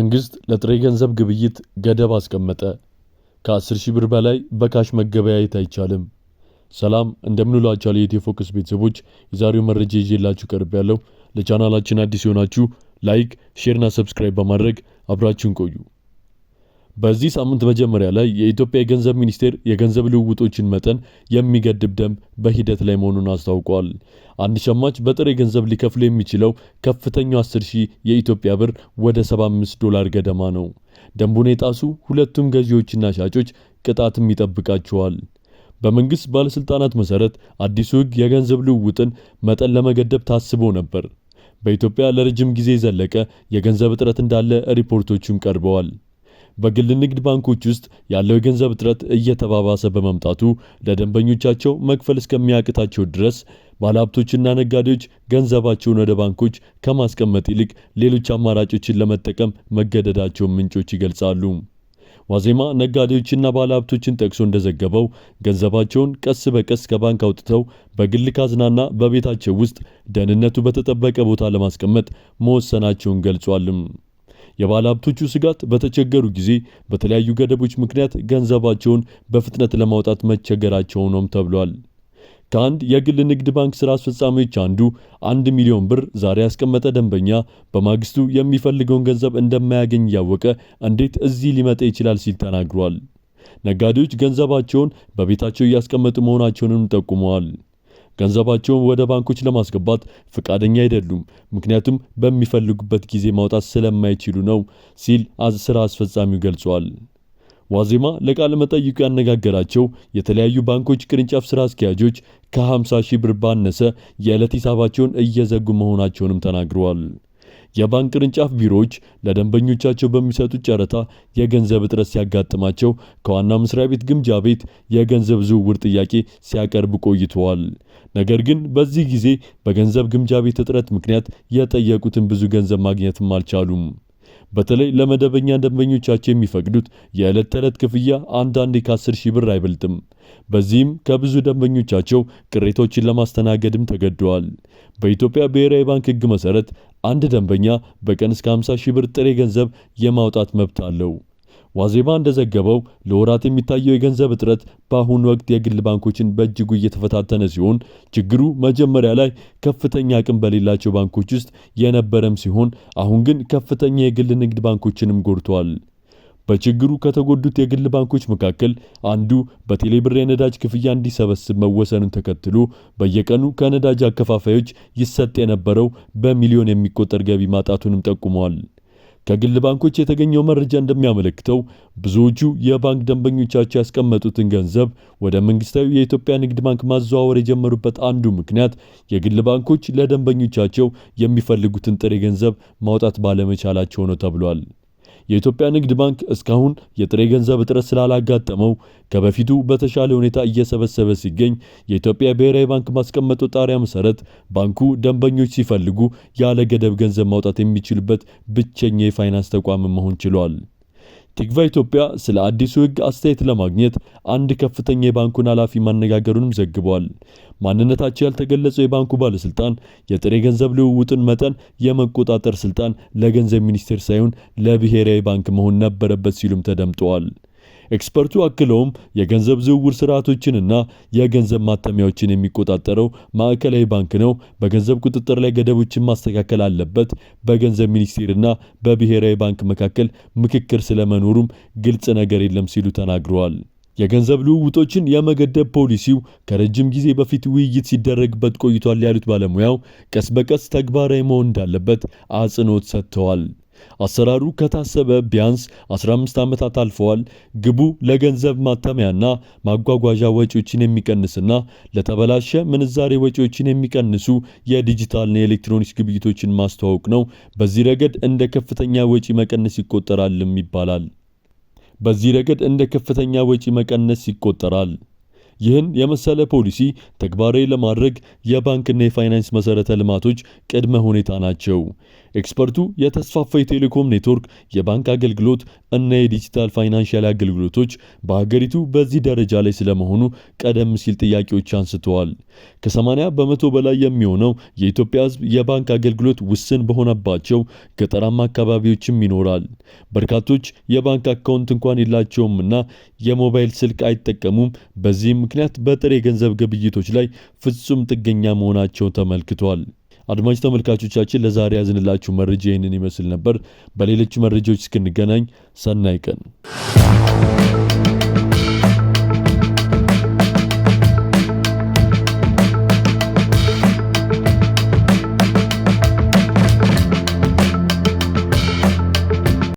መንግሥት ለጥሬ ገንዘብ ግብይት ገደብ አስቀመጠ። 1 ሺህ ብር በላይ በካሽ መገበያየት አይቻልም። ሰላም እንደምንሏቸው የኢትዮ ፎከስ ቤተሰቦች፣ የዛሬው መረጃ ይዤላችሁ ቀርብ ያለው ለቻናላችን አዲስ የሆናችሁ ላይክ፣ ሼርና ሰብስክራይብ በማድረግ አብራችሁን ቆዩ። በዚህ ሳምንት መጀመሪያ ላይ የኢትዮጵያ የገንዘብ ሚኒስቴር የገንዘብ ልውውጦችን መጠን የሚገድብ ደንብ በሂደት ላይ መሆኑን አስታውቋል። አንድ ሸማች በጥሬ ገንዘብ ሊከፍል የሚችለው ከፍተኛው 10 ሺህ የኢትዮጵያ ብር ወደ 75 ዶላር ገደማ ነው። ደንቡን የጣሱ ሁለቱም ገዢዎችና ሻጮች ቅጣትም ይጠብቃቸዋል። በመንግሥት ባለስልጣናት መሠረት አዲሱ ሕግ የገንዘብ ልውውጥን መጠን ለመገደብ ታስቦ ነበር። በኢትዮጵያ ለረጅም ጊዜ የዘለቀ የገንዘብ እጥረት እንዳለ ሪፖርቶቹም ቀርበዋል። በግል ንግድ ባንኮች ውስጥ ያለው የገንዘብ እጥረት እየተባባሰ በመምጣቱ ለደንበኞቻቸው መክፈል እስከሚያቅታቸው ድረስ ባለሀብቶችና ነጋዴዎች ገንዘባቸውን ወደ ባንኮች ከማስቀመጥ ይልቅ ሌሎች አማራጮችን ለመጠቀም መገደዳቸውን ምንጮች ይገልጻሉ። ዋዜማ ነጋዴዎችና ባለሀብቶችን ጠቅሶ እንደዘገበው ገንዘባቸውን ቀስ በቀስ ከባንክ አውጥተው በግል ካዝናና በቤታቸው ውስጥ ደህንነቱ በተጠበቀ ቦታ ለማስቀመጥ መወሰናቸውን ገልጿልም። የባለሀብቶቹ ስጋት በተቸገሩ ጊዜ በተለያዩ ገደቦች ምክንያት ገንዘባቸውን በፍጥነት ለማውጣት መቸገራቸው ነውም ተብሏል። ከአንድ የግል ንግድ ባንክ ስራ አስፈጻሚዎች አንዱ አንድ ሚሊዮን ብር ዛሬ ያስቀመጠ ደንበኛ በማግስቱ የሚፈልገውን ገንዘብ እንደማያገኝ እያወቀ እንዴት እዚህ ሊመጣ ይችላል ሲል ተናግሯል። ነጋዴዎች ገንዘባቸውን በቤታቸው እያስቀመጡ መሆናቸውንም ጠቁመዋል። ገንዘባቸውን ወደ ባንኮች ለማስገባት ፈቃደኛ አይደሉም፣ ምክንያቱም በሚፈልጉበት ጊዜ ማውጣት ስለማይችሉ ነው ሲል ስራ አስፈጻሚው ገልጿል። ዋዜማ ለቃለ መጠይቁ ያነጋገራቸው የተለያዩ ባንኮች ቅርንጫፍ ስራ አስኪያጆች ከ50 ሺህ ብር ባነሰ የዕለት ሂሳባቸውን እየዘጉ መሆናቸውንም ተናግረዋል። የባንክ ቅርንጫፍ ቢሮዎች ለደንበኞቻቸው በሚሰጡት ጨረታ የገንዘብ እጥረት ሲያጋጥማቸው ከዋና መስሪያ ቤት ግምጃ ቤት የገንዘብ ዝውውር ጥያቄ ሲያቀርብ ቆይተዋል። ነገር ግን በዚህ ጊዜ በገንዘብ ግምጃ ቤት እጥረት ምክንያት የጠየቁትን ብዙ ገንዘብ ማግኘትም አልቻሉም። በተለይ ለመደበኛ ደንበኞቻቸው የሚፈቅዱት የዕለት ተዕለት ክፍያ አንዳንዴ ከ10 ሺህ ብር አይበልጥም። በዚህም ከብዙ ደንበኞቻቸው ቅሬቶችን ለማስተናገድም ተገደዋል። በኢትዮጵያ ብሔራዊ ባንክ ሕግ መሠረት አንድ ደንበኛ በቀን እስከ 50 ሺህ ብር ጥሬ ገንዘብ የማውጣት መብት አለው። ዋዜማ እንደዘገበው ለወራት የሚታየው የገንዘብ እጥረት በአሁኑ ወቅት የግል ባንኮችን በእጅጉ እየተፈታተነ ሲሆን ችግሩ መጀመሪያ ላይ ከፍተኛ አቅም በሌላቸው ባንኮች ውስጥ የነበረም ሲሆን አሁን ግን ከፍተኛ የግል ንግድ ባንኮችንም ጎድቷል። በችግሩ ከተጎዱት የግል ባንኮች መካከል አንዱ በቴሌብር የነዳጅ ክፍያ እንዲሰበስብ መወሰኑን ተከትሎ በየቀኑ ከነዳጅ አከፋፋዮች ይሰጥ የነበረው በሚሊዮን የሚቆጠር ገቢ ማጣቱንም ጠቁመዋል። ከግል ባንኮች የተገኘው መረጃ እንደሚያመለክተው ብዙዎቹ የባንክ ደንበኞቻቸው ያስቀመጡትን ገንዘብ ወደ መንግስታዊ የኢትዮጵያ ንግድ ባንክ ማዘዋወር የጀመሩበት አንዱ ምክንያት የግል ባንኮች ለደንበኞቻቸው የሚፈልጉትን ጥሬ ገንዘብ ማውጣት ባለመቻላቸው ነው ተብሏል። የኢትዮጵያ ንግድ ባንክ እስካሁን የጥሬ ገንዘብ እጥረት ስላላጋጠመው ከበፊቱ በተሻለ ሁኔታ እየሰበሰበ ሲገኝ የኢትዮጵያ ብሔራዊ ባንክ ማስቀመጠው ጣሪያ መሰረት ባንኩ ደንበኞች ሲፈልጉ ያለ ገደብ ገንዘብ ማውጣት የሚችልበት ብቸኛ የፋይናንስ ተቋም መሆን ችሏል። ቲግቫ ኢትዮጵያ ስለ አዲሱ ህግ አስተያየት ለማግኘት አንድ ከፍተኛ የባንኩን ኃላፊ ማነጋገሩንም ዘግቧል። ማንነታቸው ያልተገለጸው የባንኩ ባለስልጣን የጥሬ ገንዘብ ልውውጥን መጠን የመቆጣጠር ስልጣን ለገንዘብ ሚኒስቴር ሳይሆን ለብሔራዊ ባንክ መሆን ነበረበት ሲሉም ተደምጠዋል። ኤክስፐርቱ አክለውም የገንዘብ ዝውውር ስርዓቶችንና የገንዘብ ማተሚያዎችን የሚቆጣጠረው ማዕከላዊ ባንክ ነው። በገንዘብ ቁጥጥር ላይ ገደቦችን ማስተካከል አለበት። በገንዘብ ሚኒስቴርና በብሔራዊ ባንክ መካከል ምክክር ስለመኖሩም ግልጽ ነገር የለም ሲሉ ተናግረዋል። የገንዘብ ልውውጦችን የመገደብ ፖሊሲው ከረጅም ጊዜ በፊት ውይይት ሲደረግበት ቆይቷል ያሉት ባለሙያው ቀስ በቀስ ተግባራዊ መሆን እንዳለበት አጽንኦት ሰጥተዋል። አሰራሩ ከታሰበ ቢያንስ 15 ዓመታት አልፈዋል። ግቡ ለገንዘብ ማተሚያና ማጓጓዣ ወጪዎችን የሚቀንስና ለተበላሸ ምንዛሬ ወጪዎችን የሚቀንሱ የዲጂታልና የኤሌክትሮኒክስ ግብይቶችን ማስተዋወቅ ነው። በዚህ ረገድ እንደ ከፍተኛ ወጪ መቀነስ ይቆጠራልም ይባላል። በዚህ ረገድ እንደ ከፍተኛ ወጪ መቀነስ ይቆጠራል። ይህን የመሰለ ፖሊሲ ተግባራዊ ለማድረግ የባንክና የፋይናንስ መሰረተ ልማቶች ቅድመ ሁኔታ ናቸው። ኤክስፐርቱ የተስፋፋ የቴሌኮም ኔትወርክ፣ የባንክ አገልግሎት እና የዲጂታል ፋይናንሻል አገልግሎቶች በሀገሪቱ በዚህ ደረጃ ላይ ስለመሆኑ ቀደም ሲል ጥያቄዎች አንስተዋል። ከ80 በመቶ በላይ የሚሆነው የኢትዮጵያ ሕዝብ የባንክ አገልግሎት ውስን በሆነባቸው ገጠራማ አካባቢዎችም ይኖራል። በርካቶች የባንክ አካውንት እንኳን የላቸውምና የሞባይል ስልክ አይጠቀሙም። በዚህም ምክንያት በጥሬ ገንዘብ ግብይቶች ላይ ፍጹም ጥገኛ መሆናቸው ተመልክቷል። አድማጭ ተመልካቾቻችን ለዛሬ ያዝንላችሁ መረጃ ይህንን ይመስል ነበር። በሌሎች መረጃዎች እስክንገናኝ ሰናይ ቀን